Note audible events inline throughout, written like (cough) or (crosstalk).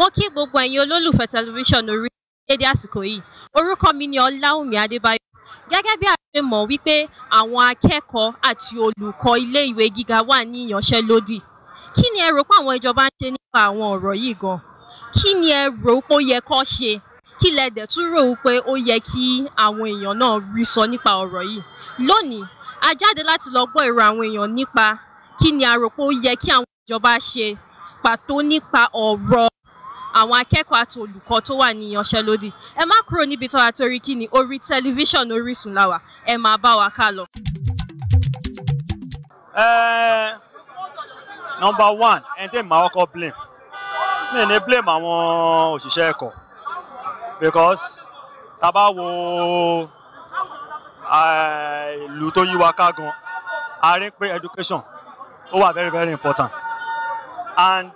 mo kí gbogbo ẹ̀yin olólùfẹ́ tẹlifíṣàn orílẹ̀-èdè àsìkò yìí orúkọ mi ni ọláwùmí adébáyọ̀ gẹ́gẹ́ bí a ṣe mọ̀ wípé àwọn akẹ́kọ̀ọ́ àti olùkọ́ ilé gíga wà ní ìyanṣẹ́lódì kí ni ẹ rò pé àwọn ìjọba ń ṣe nípa àwọn ọ̀rọ̀ yìí gan kí ni ẹ rò pé ó yẹ kó ṣe kí lẹ dẹ̀ tún rò pé ó yẹ kí àwọn èèyàn náà rí sọ nípa ọ̀rọ̀ yìí lónìí a jáde láti lọ gbọ́ èrò àwọn èèyàn nípa kí ni a rò pé ó yẹ kí àwọn ìjọba ṣe pàtó nípa ọ̀rọ̀ àwọn akẹ́kọ̀ọ́ àti olùkọ́ tó wà ní ìyanṣẹ́lódì ẹ má kúrò níbi tó wà torí kí ni orí tẹlifíṣàn Orísun la wà ẹ máa bá wa ká lọ. number one ẹni tí màá kọ́ blame mi ní blame àwọn òṣìṣẹ́ ẹ̀kọ́ because tá bá wo ìlú tó yí wa ká gan a rí pé education ó wà very very important and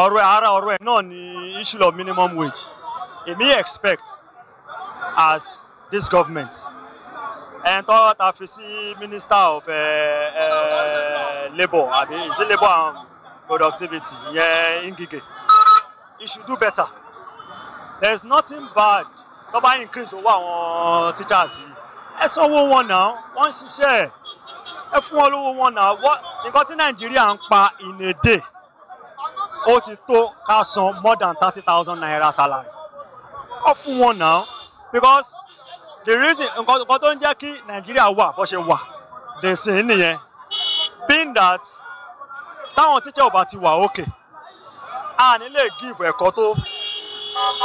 ọ̀rọ̀ ara ọ̀rọ̀ ẹ̀ náà ni issue of minimum wage èmi expect as this government ẹn tọ́ ta fi sí minister of uh, uh, labour àbí is it labour and productivity ìyẹn Ngige he should do better there is nothing bad tó bá increase owó àwọn teachers yìí ẹ sanwó wọn náà wọ́n ń ṣiṣẹ́ ẹ fún wọn lówó wọn náà nǹkan tí Nàìjíríà ń pa in a day ó ti tó ká san more than thirty thousand naira salary kọ́ fún wọn náà because the reason nǹkan tó ń jẹ́ kí nàìjíríà wà bó ṣe wà dẹ̀sìn nìyẹn being that táwọn teacher ò bá ti wà okay a ní lè give ẹ̀kọ́ tó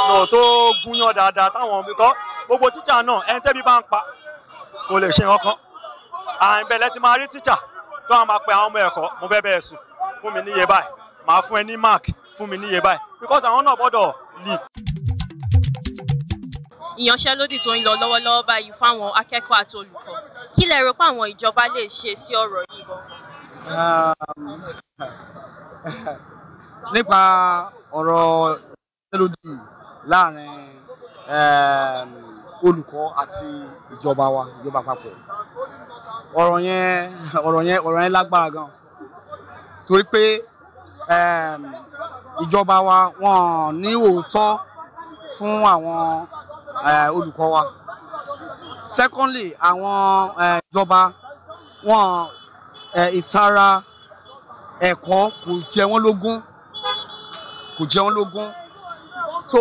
náà tó gúnyán dáadáa táwọn because gbogbo teacher náà ẹni tẹ́bí bá ń pa kò lè ṣe kankan àìbẹ̀lẹ̀ ti máa rí teacher tó àwọn máa pe àwọn ọmọ ẹ̀kọ́ mo fẹ́ bẹ́ẹ̀ sùn fún mi níye báyìí màá fún ẹ ní mark fún mi níye báyìí because àwọn náà gbọ́dọ̀ leave. ìyanṣẹ́lódì tó ń lọ lọ́wọ́lọ́wọ́ báyìí fáwọn akẹ́kọ̀ọ́ àti olùkọ́ kí lẹ rò pé àwọn ìjọba lè ṣe sí ọ̀rọ̀ yìí gan-an. Um, (laughs) nípa ọ̀rọ̀ ìyanṣẹ́lódì láàrin um, olùkọ́ àti ìjọba wa ìjọba àpapọ̀ ọ̀rọ̀ yẹn ọ̀rọ̀ yẹn ọ̀rọ̀ yẹn lágbára gan torí pé ìjọba wa wọn ní òótọ́ fún àwọn olùkọ́ wa secondly àwọn ìjọba wọn ìtara ẹ̀kọ́ kò jẹ wọ́n lógún kò jẹ wọ́n lógún so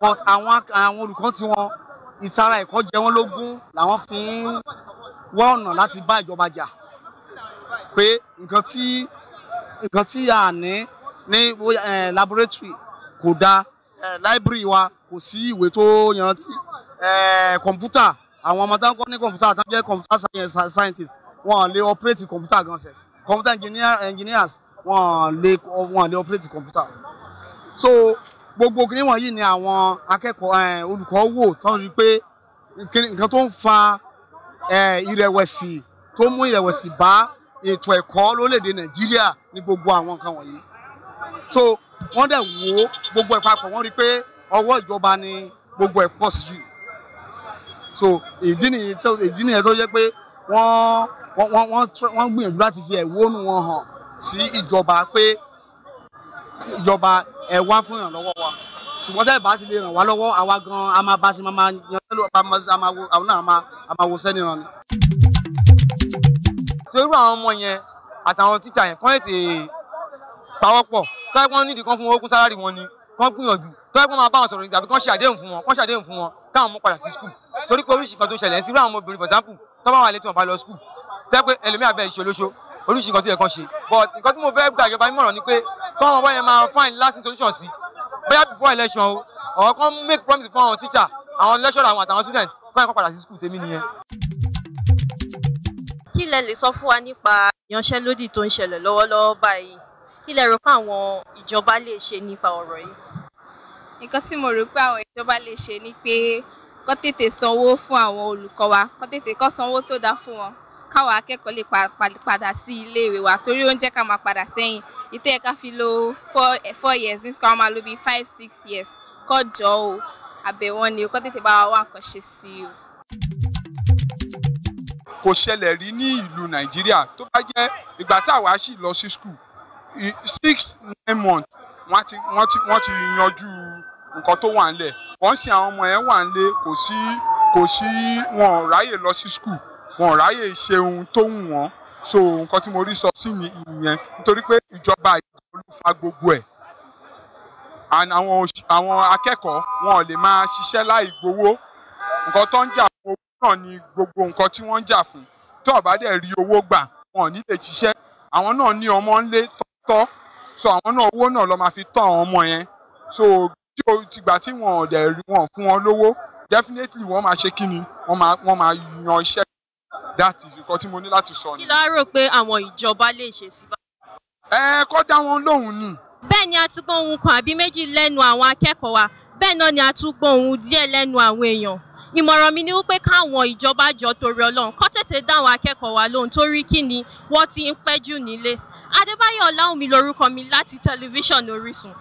but àwọn àwọn olùkọ́ tiwọn ìtara ẹ̀kọ́ jẹ wọ́n lógún làwọn fi ń wá ọ̀nà láti bá ìjọba jà pé nǹkan tí nǹkan tí a ní ní laboratory kò dáa library wa kò sí ìwé tó yanrantí kọ̀ǹpútà àwọn ọmọ táwọn kọ́ ní kọ̀ǹpútà táwọn jẹ́ computer scientist wọ́n lè operate kọ̀ǹpútà gan sef computer engineer, engineers wọ́n lè wọ́n lè operate kọ̀ǹpútà so gbogbo kìnní wọ̀nyí ni àwọn akẹ́kọ̀ọ́ olùkọ́ wò tán rí pé nǹkan tó ń fa ìrẹ̀wẹ̀sì tó mú ìrẹ̀wẹ̀sì bá ètò ẹ̀kọ́ lórílẹ̀‐èdè nàìjíríà ní gbogbo àwọn nǹkan wọ̀nyí so wọ́n dẹ̀ wo gbogbo ẹ̀ papọ̀ wọ́n rí i pé ọwọ́ ìjọba ni gbogbo ẹ̀ pọ̀ sí jù so ìdí nìyẹn tó ìdí nìyẹn tó jẹ́ pé wọ́n wọ́n wọ́n gbìyànjú láti fi ẹ̀wọ́nù wọn hàn sí ìjọba pé ìjọba ẹ̀ wá fún ìrànlọ́wọ́ wa ṣùgbọ́n tẹ́ ẹ̀ bá ti lè ràn wá lọ́wọ́ àwa gan-an a máa bá ṣe máa yan lọ́wọ́ àwọn náà a máa wo sẹ́ni ràn ni tó irú àwọn ọmọ yẹn àtàwọn tíjà yẹn kán ètè pawọ́pọ̀ tó yẹ kí wọ́n nídìí kan fún ogún sálárì wọn ni kán gbìyànjú tó yẹ kí wọ́n máa bá wọn sọ̀rọ̀ tàbí kán ṣàdéhùn fún wọn kán ṣàdéhùn fún wọn káwọn mú padà sí skul torí pé oríṣi kan tó ń ṣẹlẹ̀ sí irú àwọn obìnrin for example tó bá wà létí wọn bá lọ skul tó yẹ pé ẹlòmíà bẹ́ẹ̀ ṣe olóṣó oríṣi kan tó yẹ kán ṣe but nǹkan tí mo fẹ́ gbà ìjọba nímọ̀ràn ni pé kán wọn wọ́n yẹn máa find lasting solution sí bóyá before election o or kán make promise fún àwọn teacher àwọn lecturer àwọn àtàwọn student kán yẹn kán padà sí skul tèmi nìyẹn kí lẹ lè sọ fún wa nípa ìyanṣẹ́lódì tó ń ṣẹlẹ̀ lọ́wọ́lọ́wọ́ báyìí kí lẹ rò pé àwọn ìjọba lè ṣe nípa ọ̀rọ̀ yìí. nǹkan tí mo rò pé àwọn ìjọba lè ṣe ni pé kó tètè sanwó fún àwọn olùkọ́ wa kó tètè kó sanwó tó dáa fún wọn káwọn akẹ́kọ̀ọ́ lè padà sí iléèwé wa torí ó ń jẹ́ ká máa padà sẹ́yìn ìtẹ́ ẹ̀ka fi lo four, years ní sukọ́ máa lo bíi five six years kọ́ jọ o àbẹ̀wọ́n ni o kó tètè bá wa wá nǹkan ṣe sí i o kò ṣẹlẹ̀ rí ní ìlú nàìjíríà tó bá jẹ́ ìgbà tá àwa sì lọ sí school six nine months wọ́n ti wọ́n ti wọ́n ti yanjú nǹkan tó wà nílẹ̀ wọ́n sì àwọn ọmọ yẹn wà nílé kò sí kò sí wọn ò ráyè lọ sí school wọn ò ráyè ṣe ohun tó wù wọ́n so nǹkan tí mo rí sọ sí ìyẹn nítorí pé ìjọba ìjọba ló fa gbogbo ẹ̀ àwọn akẹ́kọ̀ọ́ wọn ò lè máa ṣiṣẹ́ láì gbowó nǹkan tó ń jà náà ni gbogbo nǹkan tí wọ́n ń jà fún tó ọ̀bá dẹ̀ rí owó gbà wọn ò ní lè ṣiṣẹ́ àwọn náà ní ọmọ ńlé tọ́tọ́ so àwọn náà owó náà lọ́ máa fi tọ́ àwọn ọmọ yẹn so tìgbà tí wọn ò dẹ̀ rí wọn fún wọn lówó definitely wọ́n máa ṣe kí ni wọ́n máa yan iṣẹ́ that is nǹkan tí mo ní láti sọ ni. kí la pé àwọn ìjọba lè ṣe sí bá. ẹ kọ́ dá wọn lóhùn ni. bẹ́ẹ̀ ni a tún gbọ́ ohun kan àbí méjì lẹ́nu àwọn akẹ́kọ̀ọ́ wa bẹ́ẹ̀ náà ni a tún gbọ́ ohun díẹ̀ lẹ́nu àwọn èèyàn ìmọ̀ràn mi ni wípé káwọn ìjọba jọ torí ọlọ́run kọ́ tètè dáwọn akẹ́kọ̀ọ́ wa lóhùn torí kí ni wọ́n ti ń pẹ́ jù nílé adébáyọ̀ ọláwùmí lórúkọ mi láti tẹlifíṣàn orísun